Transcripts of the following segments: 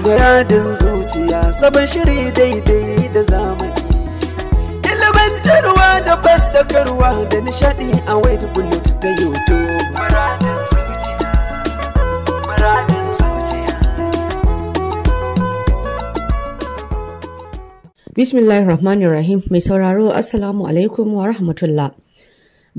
Muradin zuciya sabon shiri daidai da zamani. Ilimantarwa da bandakarwa da nishadi a wayar bullet ta YouTube. Muradin zuciya, muradin zuciya. mai sauraro Assalamu alaikum wa rahmatullah.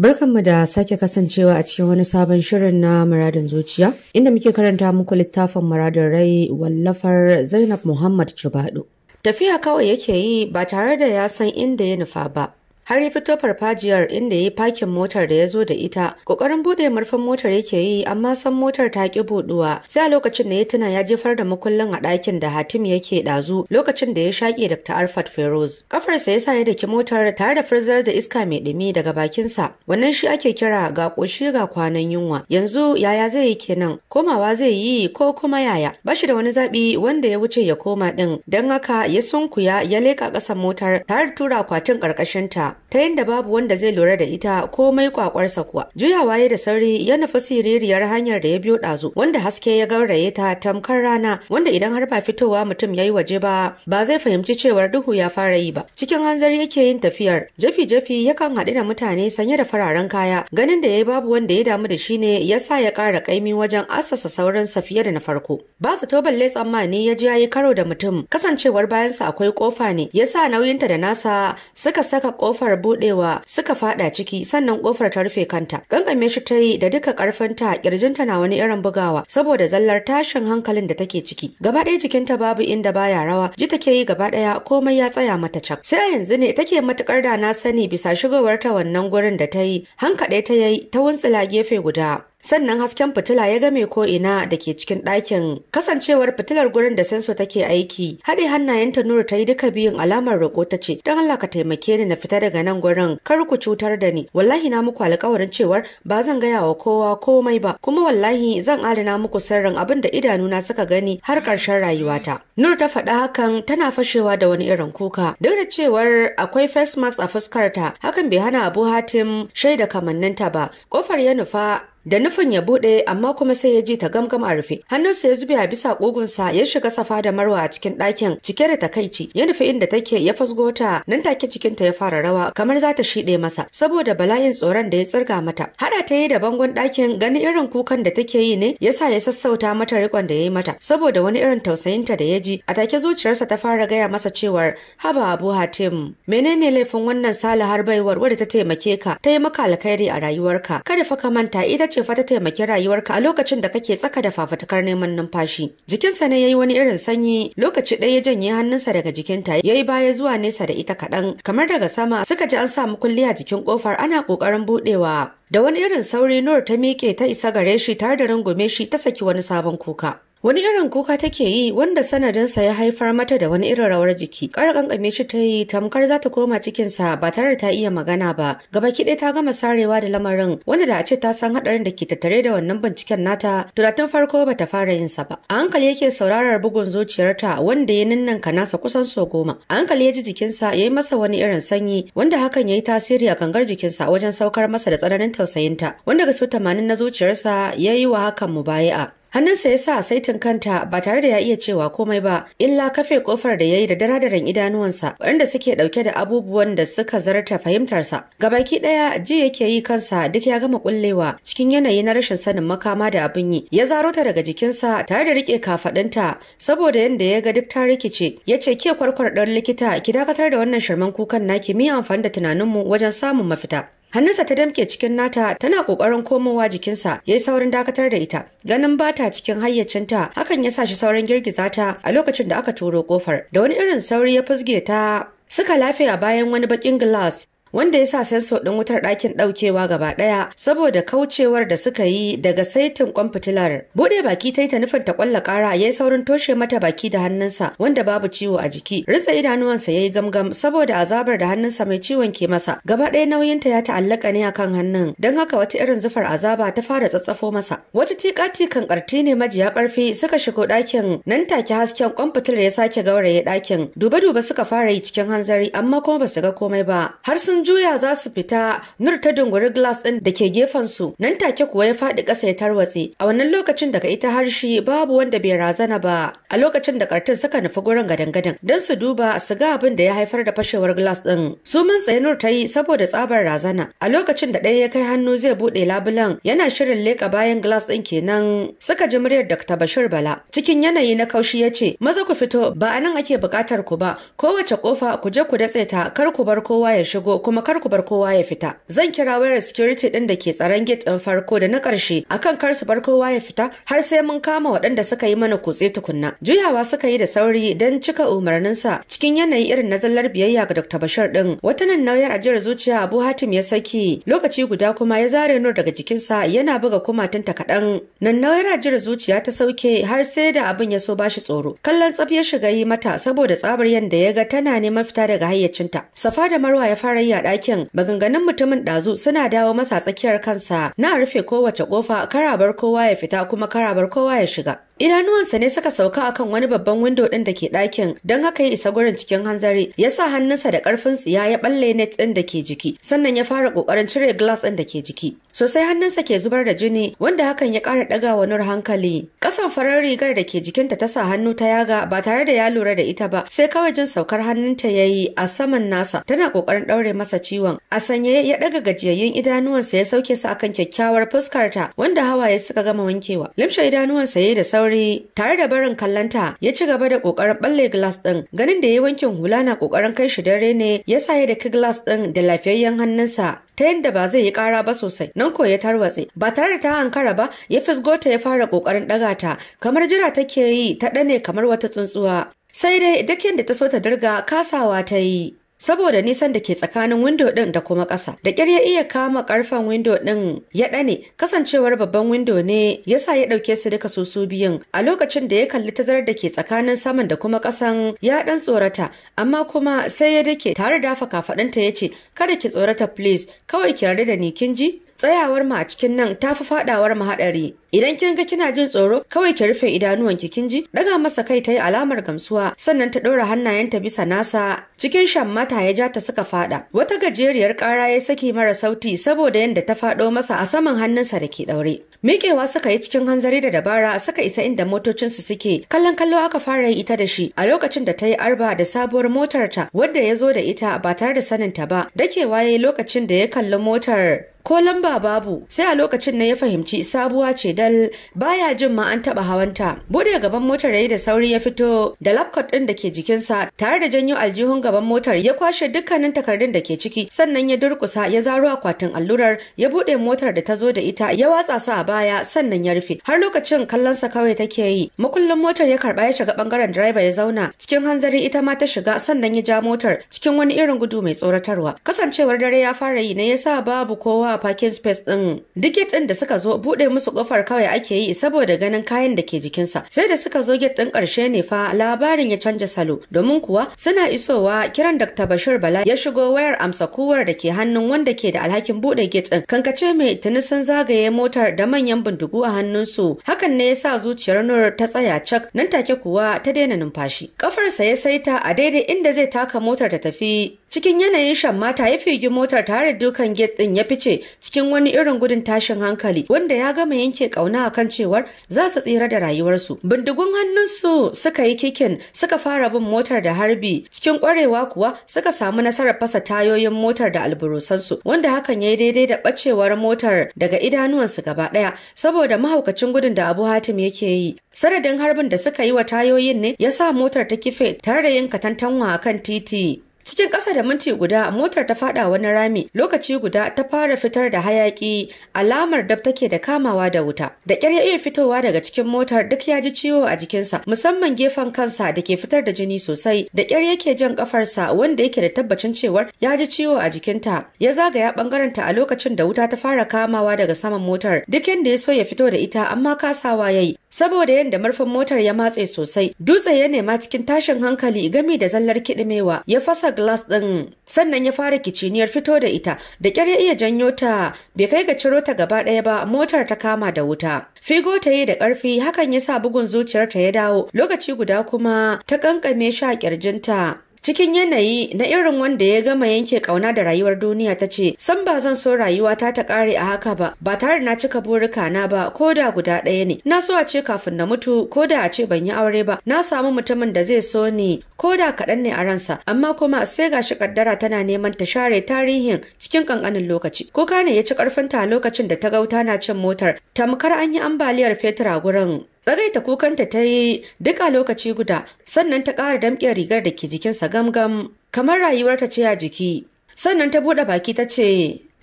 Barkanmu da sake kasancewa a cikin wani sabon shirin na muradin zuciya inda muke karanta muku littafin muradin rai wallafar Zainab Muhammad Chubadu. Tafiya kawai yake yi ba tare da ya san inda ya nufa ba, har ya fito farfajiyar inda ya yi pakin motar da ya zo da ita kokarin bude murfin motar yake yi amma san motar ta ki buduwa sai a lokacin da ya tuna ya jefar da makullin a ɗakin da hatim yake ɗazu lokacin da ya shaƙe dr arfat feroz kafarsa ya sa ya daki motar tare da furzar da iska mai ɗumi daga bakinsa wannan shi ake kira ga ƙoshi ga kwanan yunwa yanzu yaya zai yi kenan komawa zai yi ko kuma yaya Bashi da wani zaɓi wanda ya wuce ya koma ɗin don haka ya sunkuya ya leƙa ƙasan motar tare da tura akwatin ƙarƙashinta ta yadda babu wanda zai lura da ita komai kwakwarsa kuwa juyawa ya da sauri ya nufi siririyar hanyar da ya biyo ɗazu wanda haske ya gauraye ta tamkar rana wanda idan har ba fitowa mutum ya yi waje ba ba zai fahimci cewar duhu ya fara yi ba cikin hanzari yake yin tafiyar jafi jafi yakan haɗu da mutane sanye da fararen kaya ganin da ya yi babu wanda ya damu da shi ne ya sa ya ƙara ƙaimi wajen assasa saurinsa fiye da na farko ba zato balle tsammani ya ji ya yi karo da mutum kasancewar bayansa akwai ƙofa ne ya sa nauyinta da nasa suka saka kofa kofar budewa suka fada ciki sannan kofar ta rufe kanta gangame shi ta yi da duka karfinta kirjinta na wani irin bugawa saboda zallar tashin hankalin da take ciki gaba ɗaya jikinta babu inda baya rawa ji take yi gaba ɗaya komai ya tsaya mata cak sai a yanzu ne take matukar da na sani bisa shigowar ta wannan gurin da ta yi ɗaya ta yayi ta wuntsila gefe guda sannan hasken fitila ya game ko ina da ke cikin ɗakin kasancewar fitilar gurin da senso take aiki haɗe hannayenta nuru ta yi duka biyun alamar roƙo ta ce don Allah ka taimake ni na fita daga nan gurin kar ku cutar da ni wallahi na muku alƙawarin cewar ba zan gaya wa kowa komai ba kuma wallahi zan adana muku sirrin abin da idanuna suka gani har ƙarshen rayuwata nuru ta faɗa hakan tana fashewa da wani irin kuka duk da cewar akwai face mask a fuskarta hakan bai hana abu hatim shaida kamanninta ba kofar ya nufa da nufin ya bude amma kuma sai ya ji ta gamgam a rufe hannunsa ya zube a bisa kugunsa ya shiga safa da marwa a cikin ɗakin cike da takaici ya nufi inda take ya fasgo ta nan take cikin ta ya fara rawa kamar za ta shiɗe masa saboda bala'in tsoron da ya tsirga mata haɗa ta yi da bangon ɗakin gani irin kukan da take yi ne ya sa ya sassauta mata rikon da ya yi mata saboda wani irin tausayinta da ya ji a take zuciyarsa ta fara gaya masa cewar haba abu hatim menene laifin wannan salihar baiwar wadda ta taimake ka ta yi maka alkhairi a rayuwarka kada fa ka manta ita ce fa ta taimaki rayuwarka a lokacin da kake tsaka da fafatakar neman numfashi. Jikinsa ne ya yi wani irin sanyi lokaci ɗaya ya janye hannunsa daga jikinta ya yi baya zuwa nesa da ita kaɗan kamar daga sama suka ji an samu kulliya a jikin ƙofar ana ƙoƙarin buɗewa. Da wani irin sauri Nur ta miƙe ta isa gare shi tare da rungume shi ta saki wani sabon kuka. Wani irin kuka take yi wanda sanadinsa ya haifar mata da wani irin rawar jiki. Ƙara kankame shi ta yi tamkar za ta koma cikinsa ba tare ta iya magana ba. Gaba kiɗe ta gama sarewa da lamarin wanda da a ce ta san haɗarin da ke tattare da wannan binciken nata to da tun farko ba ta fara yin sa ba. A hankali yake saurarar bugun zuciyarta wanda ya ninnan nasa kusan so goma. A hankali ya ji jikinsa ya yi masa wani irin sanyi wanda hakan ya yi tasiri a gangar jikinsa wajen saukar masa da tsananin tausayinta wanda ga so tamanin na zuciyarsa ya yi wa hakan mubaya'a. hannunsa ya sa saitin kanta ba tare da ya iya cewa komai ba illa kafe kofar da ya yi da daradaren idanuwansa waɗanda suke ɗauke da abubuwan da suka zarta fahimtarsa gabaki ɗaya ji yake yi kansa duk ya gama kullewa cikin yanayi na rashin sanin makama da abin yi ya zaro ta daga jikinsa tare da riƙe kafaɗinta saboda yadda ya ga duk ta rikice ya ce ke kwarkwar ɗan likita ki dakatar da wannan sharman kukan naki mi amfani da tunaninmu wajen samun mafita hannunsa ta damke cikin nata tana kokarin komowa jikinsa ya yi saurin dakatar da ita ganin bata cikin hayyacinta hakan ya sa shi saurin girgiza ta a lokacin da aka turo kofar da wani irin sauri ya fusge ta suka lafiya bayan wani bakin glass wanda ya sa sensor ɗin wutar ɗakin ɗaukewa gaba ɗaya saboda kaucewar da suka yi daga saitin kwan fitilar. Buɗe baki ta yi ta nufin ta ƙwalla ƙara ya yi saurin toshe mata baki da hannunsa wanda babu ciwo a jiki. Ritsa idanuwansa ya yi gamgam saboda azabar da hannunsa mai ciwon ke masa. Gaba ɗaya nauyinta ya ta'allaka ne a kan hannun don haka wata irin zufar azaba ta fara tsatsafo masa. Wata tiƙa kan ƙarti ne majiya ƙarfi suka shigo ɗakin nan take hasken kwan fitilar ya sake gauraye ɗakin. Dube-dube suka fara yi cikin hanzari amma kuma ba su ga komai ba. Har sun juya za su fita nur ta dunguri glass ɗin da ke gefen su nan take kuwa ya faɗi ƙasa ya tarwatse a wannan lokacin daga ita harshe babu wanda bai razana ba a lokacin da ƙartin suka nufi gurin gadan-gadan don su duba su ga abin da ya haifar da fashewar glass ɗin su mun tsaye nur ta yi saboda tsabar razana a lokacin da ɗaya ya kai hannu zai buɗe labulan yana shirin leƙa bayan glass ɗin kenan suka ji muryar Dr. Bashir Bala cikin yanayi na kaushi ya ce maza ku fito ba anan ake buƙatar ku ba kowace kofa ku je ku datse ta kar ku bar kowa ya shigo kuma kar ku bar kowa ya fita zan kira wayar security din da ke tsaron gate din farko da na karshe akan kar su bar kowa ya fita har sai mun kama waɗanda suka yi mana kutse tukunna juyawa suka yi da sauri don cika umarnin sa cikin yanayi irin na zallar biyayya ga Dr. Bashir din wata nan nauyar ajiyar zuciya Abu Hatim ya saki lokaci guda kuma ya zare nur daga jikinsa yana buga kumatunta kaɗan nan nauyar ajiyar zuciya ta sauke har sai da abin ya so bashi tsoro kallon tsaf ya shiga yi mata saboda tsabar yadda ya ga tana neman fita daga hayyacinta safa da marwa ya fara yi a ɗakin maganganun mutumin ɗazu suna dawo masa tsakiyar kansa na rufe kowace ƙofa karabar kowa ya fita kuma karabar kowa ya shiga Idanuwansa ne suka sauka akan wani babban windo din da ke ɗakin don haka ya isa gurin cikin hanzari ya sa hannunsa da ƙarfin tsiya ya balle net din da ke jiki sannan ya fara ƙoƙarin cire glass ɗin da ke jiki. Sosai hannunsa ke zubar da jini wanda hakan ya ƙara ɗaga wa Nur hankali. Ƙasan farar rigar da ke jikinta ta sa hannu ta yaga ba tare da ya lura da ita ba sai kawai jin saukar hannunta ya yi a saman nasa tana ƙoƙarin ɗaure masa ciwon. A sanye ya ɗaga gajiyayyun idanuwansa ya sauke su akan kyakkyawar fuskarta wanda hawaye suka gama wankewa. Limshe idanuwansa ya yi da sauri sauri tare da barin kallanta ya ci gaba da kokarin balle glass din ganin da ya wankin hula na kokarin kai shi dare ne ya saye da glass din da lafiyayyen hannunsa ta yadda ba zai yi kara ba sosai nan ko ya tarwatse ba tare da ta hankara ba ya fisgo ta ya fara kokarin daga ta kamar jira take yi ta dane kamar wata tsuntsuwa sai dai dakin da ta so ta dirga kasawa ta yi saboda nisan da ke tsakanin windo ɗin da kuma ƙasa da ƙyar ya iya kama ƙarfen windo ɗin ya ɗane kasancewar babban windo ne ya sa ya ɗauke su duka su su biyun a lokacin da ya kalli tazarar da ke tsakanin saman da kuma ƙasan ya ɗan tsorata amma kuma sai ya dake tare da dafa kafaɗinta ya ce kada ki tsorata please kawai ki da ni kin ji tsayawar mu a cikin nan ta fi fadawar mu haɗari idan kin ga kina jin tsoro kawai ki rufe idanuwan ki kin ji daga masa kai ta yi alamar gamsuwa sannan ta ɗora hannayenta bisa nasa cikin shan mata ya ja ta suka faɗa. wata gajeriyar ƙara ya saki mara sauti saboda yadda ta faɗo masa a saman hannunsa da ke ɗaure miƙewa suka yi cikin hanzari da dabara suka isa inda motocinsu suke kallon kallo aka fara yi ita da shi a lokacin da ta yi arba da sabuwar motarta wadda ya zo da ita ba tare da saninta ba dakewa ya yi lokacin da ya kalli motar ko lamba babu sai a lokacin na ya fahimci sabuwa ce dal baya jin ma an taba hawanta bude gaban motar yayi da sauri ya fito da laptop din da ke jikinsa tare da janyo aljihun gaban motar ya kwashe dukkanin takardun da ke ciki sannan ya durkusa ya zaro akwatin allurar ya bude motar da ta zo da ita ya watsa su a baya sannan ya rufe har lokacin kallon sa kawai take yi makullin motar ya karba ya shiga bangaren driver ya zauna cikin hanzari ita ma ta shiga sannan ya ja motar cikin wani irin gudu mai tsoratarwa kasancewar dare ya fara yi ne yasa babu kowa wa parking space din duk gate din da suka zo bude musu kofar kawai ake yi saboda ganin kayan da ke jikinsa sai da suka zo gate din karshe ne fa labarin ya canja salo domin kuwa suna isowa kiran Dr. Bashir Bala ya shigo wayar amsa kuwar da ke hannun wanda ke da alhakin bude gate din kankace mai tuni sun zagaye motar da manyan bindigu a hannun su hakan ne yasa zuciyar Nur ta tsaya cak nan take kuwa ta daina numfashi kafarsa ya saita a daidai inda zai taka motar ta tafi cikin yanayin shan mata ya fige motar tare dukan gate din ya fice cikin wani irin gudun tashin hankali wanda ya gama yanke kauna kan cewar za su tsira da rayuwarsu bindigun hannunsu suka yi kikin suka fara bin motar da harbi cikin kwarewa kuwa suka samu nasarar fasa tayoyin motar da alburusansu wanda hakan ya yi daidai da bacewar motar daga idanuwansu gaba ɗaya, saboda mahaukacin gudun da abu hatim yake yi sanadin harbin da suka yi wa tayoyin ne ya sa motar ta kife tare da yin katantanwa akan titi Cikin ƙasa da minti guda motar ta fada wani rami lokaci guda ta fara fitar da hayaƙi. alamar dab take da kamawa da wuta. Da ƙyar ya iya fitowa daga cikin motar duk ya ji ciwo a jikinsa musamman gefen kansa da ke fitar da jini sosai da ƙyar yake jan ƙafarsa wanda yake da tabbacin cewar ya ji ciwo a jikinta. Ya zagaya ɓangarenta a lokacin da wuta ta fara kamawa daga saman motar duk yadda ya so ya fito da ita amma kasawa ya yi saboda yadda murfin motar ya matse sosai dutse ya nema cikin tashin hankali gami da zallar kiɗimewa ya fasa glass ɗin sannan ya fara kiciniyar fito da ita da ƙyar ya iya janyo ta bai kai ga ciro ta gaba ɗaya ba motar ta kama da wuta figo ta yi da ƙarfi hakan ya sa bugun zuciyar ta ya dawo lokaci guda kuma ta ƙanƙame shi a ƙirjinta cikin yanayi na irin wanda ya gama yanke kauna da rayuwar duniya ta ce san ba zan so rayuwa ta ta kare a haka ba ba tare na cika burika na ba ko da guda ɗaya ne na so a ce kafin na mutu ko da a ce ban yi aure ba na samu mutumin da zai so ni ko da kaɗan ne a ransa amma kuma sai gashi kaddara tana neman ta share tarihin cikin kankanin lokaci kuka ne ya ci karfinta lokacin da ta gauta na cin motar tamkar an yi ambaliyar fetur a gurin tsagaita kukanta ta yi duk a lokaci guda sannan ta ƙara damƙe rigar da ke jikinsa gamgam kamar rayuwarta ce a jiki sannan ta buɗe baki ta ce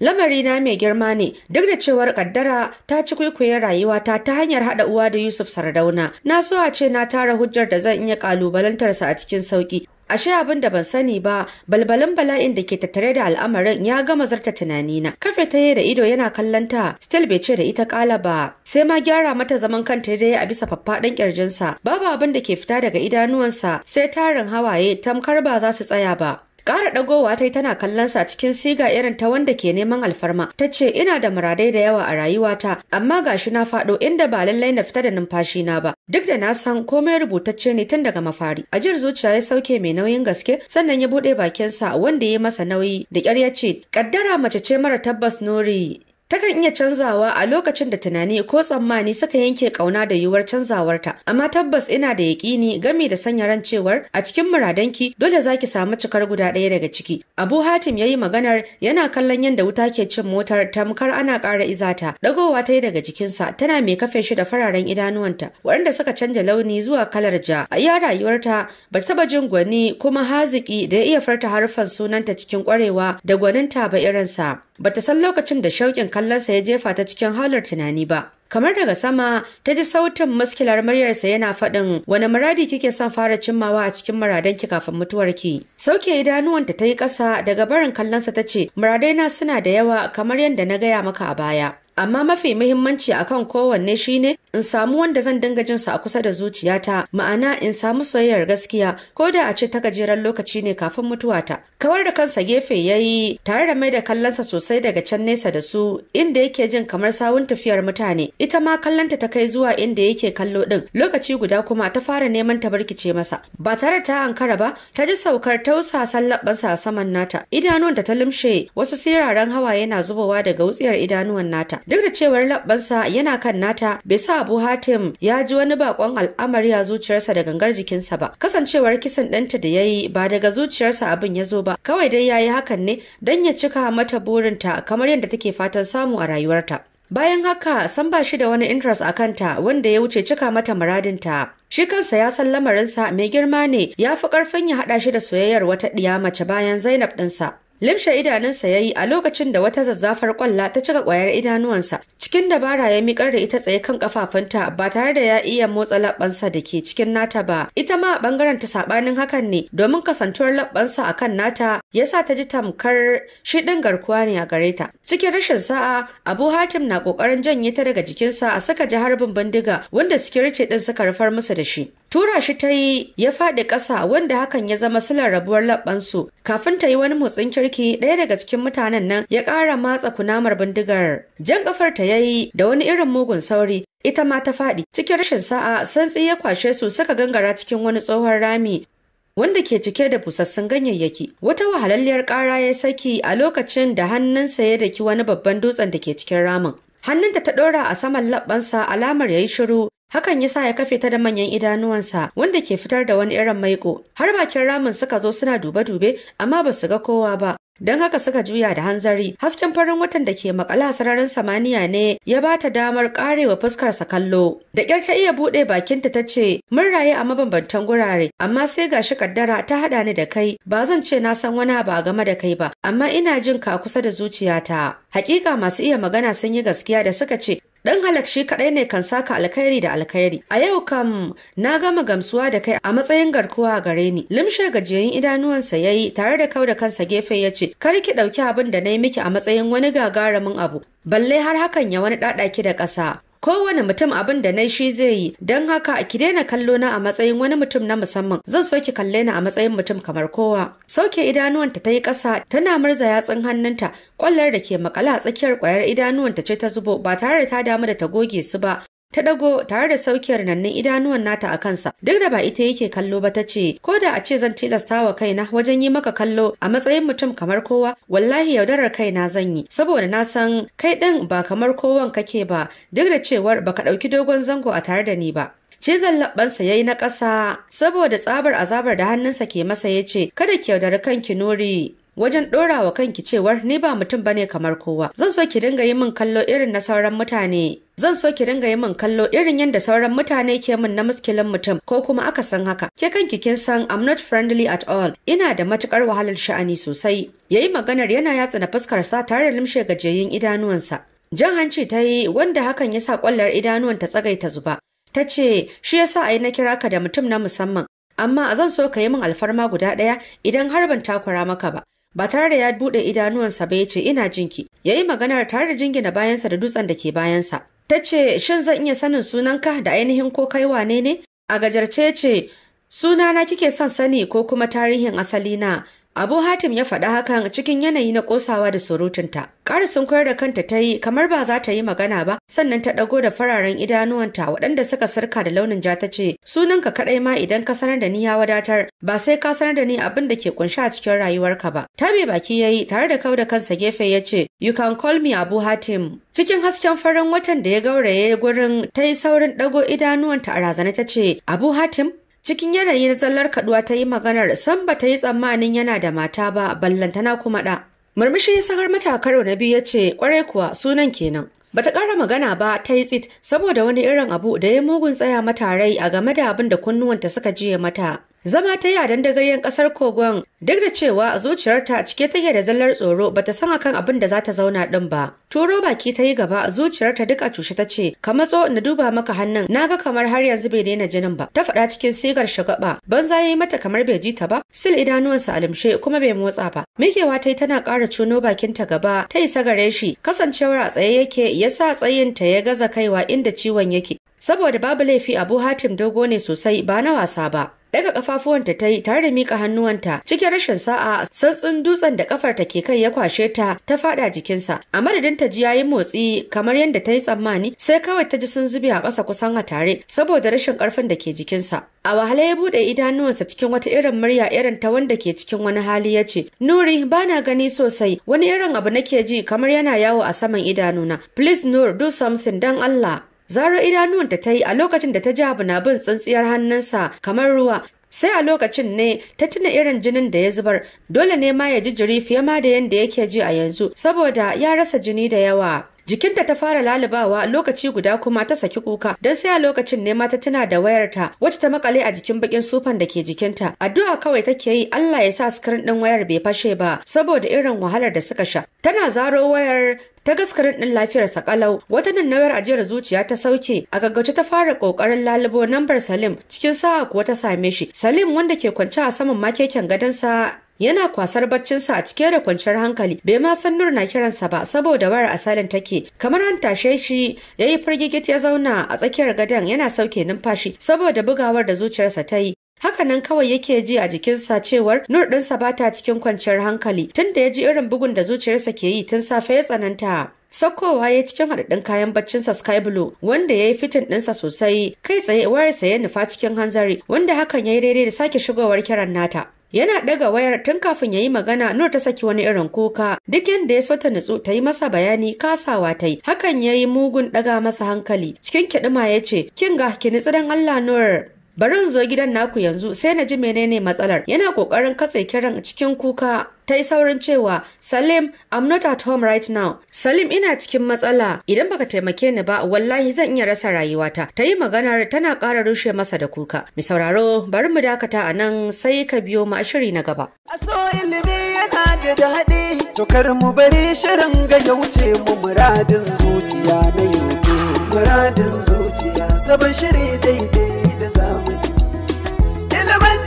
Lamarina mai girma ne duk da cewar kaddara ta ci kwaikwayon rayuwata ta hanyar haɗa uwa da Yusuf Sardauna. Na so a ce na tara hujjar da zan iya ƙalubalantarsa a cikin sauƙi. Ashe abin da ban sani ba balbalin bala'in da ke tattare da al'amarin ya gama zarta tunani na. Kafe ta da ido yana kallon ta still bai ce da ita kala ba. Sai ma gyara mata zaman kanta dai a bisa faffaɗan ƙirjinsa. Babu abin da ke fita daga idanuwansa sai tarin hawaye tamkar ba za su tsaya ba. Ƙara ɗagowa ta yi tana sa cikin siga irin ta wanda ke neman alfarma. Ta ce ina da muradai da yawa a rayuwata amma gashi na faɗo inda ba lallai na fita da numfashi na ba. Duk da na san komai rubutacce ne tun daga mafari. A Ajiyar zuciya ya sauke mai nauyin gaske sannan ya buɗe sa wanda ya masa nauyi da kyar ya ce ƙaddara mace ce mara tabbas nori takan iya canzawa a lokacin da tunani ko tsammani suka yanke kauna da yiwuwar canzawarta amma tabbas ina da yaƙini game da sanya ran cewar a cikin muradanki dole zaki samu cikar guda ɗaya daga ciki abu hatim ya yi maganar yana kallon yadda wuta ke cin motar tamkar ana ƙara izata dagowa ta yi daga jikinsa tana mai kafe shi da fararen idanuwanta waɗanda suka canja launi zuwa kalar ja a iya rayuwarta ba taɓa jin gwani kuma haziki da ya iya farta harfan sunanta cikin ƙwarewa da gwaninta ba irinsa ba ta san lokacin da shauƙin kallonsa ya jefa ta cikin halar tunani ba. Kamar daga sama, ta ji sautin muskilar muryarsa yana faɗin wani muradi kike son fara cimmawa a cikin muradanki kafin mutuwar mutuwarki. Sauke idanuwanta ta yi ƙasa daga barin kallonsa ta ce, muradai na suna da yawa kamar yadda na gaya maka a baya. amma mafi muhimmanci a kan kowanne shine in samu wanda zan dinga jin sa a kusa da zuciyata ma'ana in samu soyayyar gaskiya ko da a ce ta gajeren lokaci ne kafin mutuwata kawar da kansa gefe yayi tare da mai da kallonsa sosai daga can nesa da su inda yake jin kamar sawun tafiyar mutane ita ma kallonta ta kai zuwa inda yake kallo din lokaci guda kuma ta fara neman ta barkice masa ba tare ta ankara ba ta ji saukar tausasan labbansa a saman nata idanuwanta ta limshe wasu siraran hawaye na zubowa daga wutsiyar idanuwan nata duk da cewar labbansa yana kan nata bai sa abu hatim ya ji wani bakon al'amari a zuciyarsa da gangar jikinsa ba kasancewar kisan ɗanta da ya yi ba daga zuciyarsa abin ya zo ba kawai dai ya yi hakan ne don ya cika mata burinta kamar yadda take fatan samu a rayuwarta Bayan haka, san ba shi da wani interest a kanta wanda ya wuce cika mata muradinta. Shi kansa ya san lamarinsa mai girma ne, ya fi ƙarfin ya haɗa shi da soyayyar wata ɗiya mace bayan Zainab ɗinsa. Limshe idanunsa ya yi a lokacin da wata zazzafar kwalla ta cika kwayar idanuwansa cikin dabara ya miƙar da ita tsaye kan ƙafafunta ba tare da ya iya motsa labbansa da ke cikin nata ba. Ita ma a ɓangaren ta saɓanin hakan ne domin kasantuwar labbansa a kan nata ya sa ta ji tamkar shiɗin garkuwa ne a gare ta. Cikin rashin sa'a Abu Hatim na ƙoƙarin janye ta daga jikinsa a saka ji harbin bindiga wanda sikiriti ɗin suka rufar musu da shi. tura shi ta yi ya faɗi ƙasa wanda hakan ya zama silar rabuwar labbansu kafin ta yi wani motsin kirki ɗaya daga cikin mutanen nan ya ƙara matsa kunamar bindigar jan ƙafar ta yayi da wani irin mugun sauri ita ma ta faɗi cikin rashin sa'a santsi ya kwashe su suka gangara cikin wani tsohon rami wanda ke cike da busassun ganyayyaki wata wahalalliyar ƙara ya saki a lokacin da hannunsa ya daki wani babban dutsen da ke cikin ramin hannunta ta ɗora a saman labbansa alamar ya yi shiru Hakan ya sa ya kafe ta da manyan idanuwansa wanda ke fitar da wani irin maiko. Har bakin ramin suka zo suna dube-dube amma ba su ga kowa ba. Don haka suka juya da hanzari, hasken farin watan da ke makala sararin samaniya ne ya ba ta damar karewa fuskarsa kallo. Da ƙyar ta iya buɗe bakinta ta ce, Mun raye a mabambantan gurare, amma sai ga shi kaddara ta haɗa ni da kai, ba zan ce na san wani ba game da kai ba, amma ina jin ka kusa da zuciyata. Hakika masu iya magana sun yi gaskiya da suka ce, Ɗan halak shi kaɗai ne kan saka alkhairi da alkhairi. A yau kam na gama gamsuwa da kai a matsayin garkuwa gare ni. Limshe gajiyayyen idanuwansa ya yi tare da kau da kansa gefe ya ce, Kar ki ɗauki abin da na yi miki a matsayin wani gagarumin abu. Balle har hakan ya wani ɗaɗaki da ƙasa. kowane mutum abin da nai shi zai yi don haka ki daina kallo na a matsayin wani mutum na musamman zan so ki kalle ni a matsayin mutum kamar kowa sauke idanuwanta ta yi ƙasa tana murza yatsun hannunta kwallar da ke makala a tsakiyar kwayar idanuwanta ce ta zubo ba tare da ta damu da ta goge su ba ta dago tare da sauke rannannun idanuwan nata a kansa duk da ba ita yake kallo ba ta ce ko da a ce zan tilasta wa kaina wajen yi maka kallo a matsayin mutum kamar kowa wallahi yaudarar kaina zan yi saboda na san kai din ba kamar kowan kake ba duk da cewar baka ɗauki dogon zango a tare da ni ba cizon labbansa ya yi na ƙasa saboda tsabar azabar da hannunsa ke masa ya ce kada ki yaudari kanki nuri wajen ɗora wa kanki cewar ni ba mutum bane kamar kowa zan so ki dinga yi min kallo irin na sauran mutane zan so ki dinga yi min kallo irin yadda sauran mutane ke min na muskilin mutum ko kuma aka san haka ke kanki kin san I'm not friendly at all ina da matukar wahalar sha'ani sosai yayi maganar yana yatsa na fuskar sa tare da limshe gajiyayyen idanuwansa jan hanci ta yi wanda hakan ya sa kwallar idanuwan ta ta zuba ta ce shi yasa ai na kira ka da mutum na musamman amma zan so ka yi min alfarma guda ɗaya idan har ban takura maka ba ba tare da ya buɗe idanuwansa ba ya ce ina jinki ya yi maganar tare da jingina bayansa da dutsen da ke bayansa ta ce shin zan iya sanin sunanka da ainihin ko kai wane ne a gajarce ce sunana kike son sani ko kuma tarihin asali na Abu Hatim ya faɗa hakan cikin yanayi na kosawa da surutunta. Ƙara sun koyar da kanta ta yi kamar ba za ta yi magana ba, sannan ta ɗago da fararen idanuwanta waɗanda suka sarka da launin ja ta ce, "Sunanka kaɗai ma idan ka sanar da ni ya wadatar, ba sai ka sanar da ni abin da ke kunshi a cikin rayuwarka ba." Ta bai baki ya yi tare da kau da kansa gefe ya ce, "You can call me Abu Hatim." Cikin hasken farin watan da ya gauraye gurin ta yi saurin ɗago idanuwanta a razana ta ce, "Abu Hatim, cikin yanayi na tsallar kaduwa ta yi maganar san ba ta yi tsammanin yana da mata ba ballantana kuma ɗa murmushi ya sakar mata karo na biyu ya ce kwarai kuwa sunan kenan bata ƙara magana ba ta yi tsit saboda wani irin abu da ya mugun tsaya mata rai a game da abin da kunnuwanta suka jiye mata zama ta yi a dandagaryen kasar kogon duk da cewa zuciyarta cike take da zallar tsoro bata san akan abin da za ta zauna din ba turo baki ta yi gaba zuciyarta duk a cushe ta ce ka matso na duba maka hannun Na ga kamar har yanzu bai daina jinin ba ta faɗa cikin sigar shagaba banza ya yi mata kamar bai ji ta ba sil idanuwansa a limshe kuma bai motsa ba mikewa ta yi tana ƙara cuno bakinta gaba ta isa gare shi kasancewar a tsaye yake ya yasa ta ya gaza kaiwa inda ciwon yake saboda babu laifi abu hatim dogo ne sosai ba na wasa ba daga kafafuwanta ta yi tare da mika hannuwanta cikin rashin sa'a sassun dutsen da kafar ta ke kai ya kwashe ta ta fada jikinsa a madadin ta ji yayin motsi kamar yadda ta yi tsammani sai kawai ta ji sun zube a ƙasa kusan a tare saboda rashin ƙarfin da ke jikinsa a wahala ya bude idanuwansa cikin wata irin murya irin ta wanda ke cikin wani hali ya ce nuri bana gani sosai wani irin abu nake ji kamar yana yawo a saman idanuna please nur do something dan Allah Zaro idanuwanta ta yi a lokacin da ta ji abu na bin tsintsiyar hannunsa kamar ruwa sai a lokacin ne ta tuna irin jinin da ya zubar dole ne ma ya ji jiri fiye ma da yanda yake ji a yanzu saboda ya rasa jini da yawa jikinta ta fara lalubawa lokaci guda kuma ta saki kuka don sai a lokacin ne ta tuna da wayarta wacce ta makale a jikin bakin sufan da ke jikinta addu'a kawai take yi Allah ya sa skirin din wayar bai fashe ba saboda irin wahalar da suka sha tana zaro wayar ta gaskarin din sa kalau wata nan nawar ajiyar zuciya ta sauke a gaggauce ta fara kokarin lalubo nambar Salim cikin sa'a kuwa ta same shi Salim wanda ke kwance a saman makeken gadansa yana kwasar baccinsa a cike da kwanciyar hankali bai ma san nur na kiransa ba saboda wayar asalin take kamar an tashe shi ya yi firgigit ya zauna a tsakiyar gadon yana sauke numfashi saboda bugawar da zuciyarsa ta yi Haka nan kawai yake ji a jikinsa cewar nur ɗinsa ba ta cikin kwanciyar hankali tunda ya ji irin bugun da zuciyarsa ke yi tun safe ya tsananta. Saukowa ya cikin haɗaɗɗen kayan baccinsa Sky Blue wanda ya yi fitin ɗinsa sosai kai tsaye wayarsa ya nufa cikin hanzari wanda hakan ya yi daidai da sake shigowar kiran nata. Yana ɗaga wayar tun kafin ya yi magana Nur ta saki wani irin kuka duk yadda ya so ta nutsu ta yi masa bayani kasawa ta yi hakan ya yi mugun ɗaga masa hankali cikin kiɗima ya ce kin ga ki nutsu dan Allah Nur bari in zo gidan naku yanzu sai na ji menene matsalar yana kokarin katse kiran cikin kuka ta yi saurin cewa Salim I'm not at home right now Salim ina cikin matsala idan baka taimake ni ba wallahi zan iya rasa rayuwata ta yi maganar tana ƙara rushe masa da kuka mi sauraro bari mu dakata a nan sai ka biyo mu ashiri na gaba so ilimi yana da daɗi to kar mu bari shirin ga ya wuce mu muradin zuciya na yau muradin zuciya sabon shiri daidai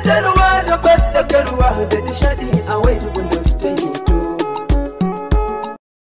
ilmantarwa da fadakarwa da nishadi a wai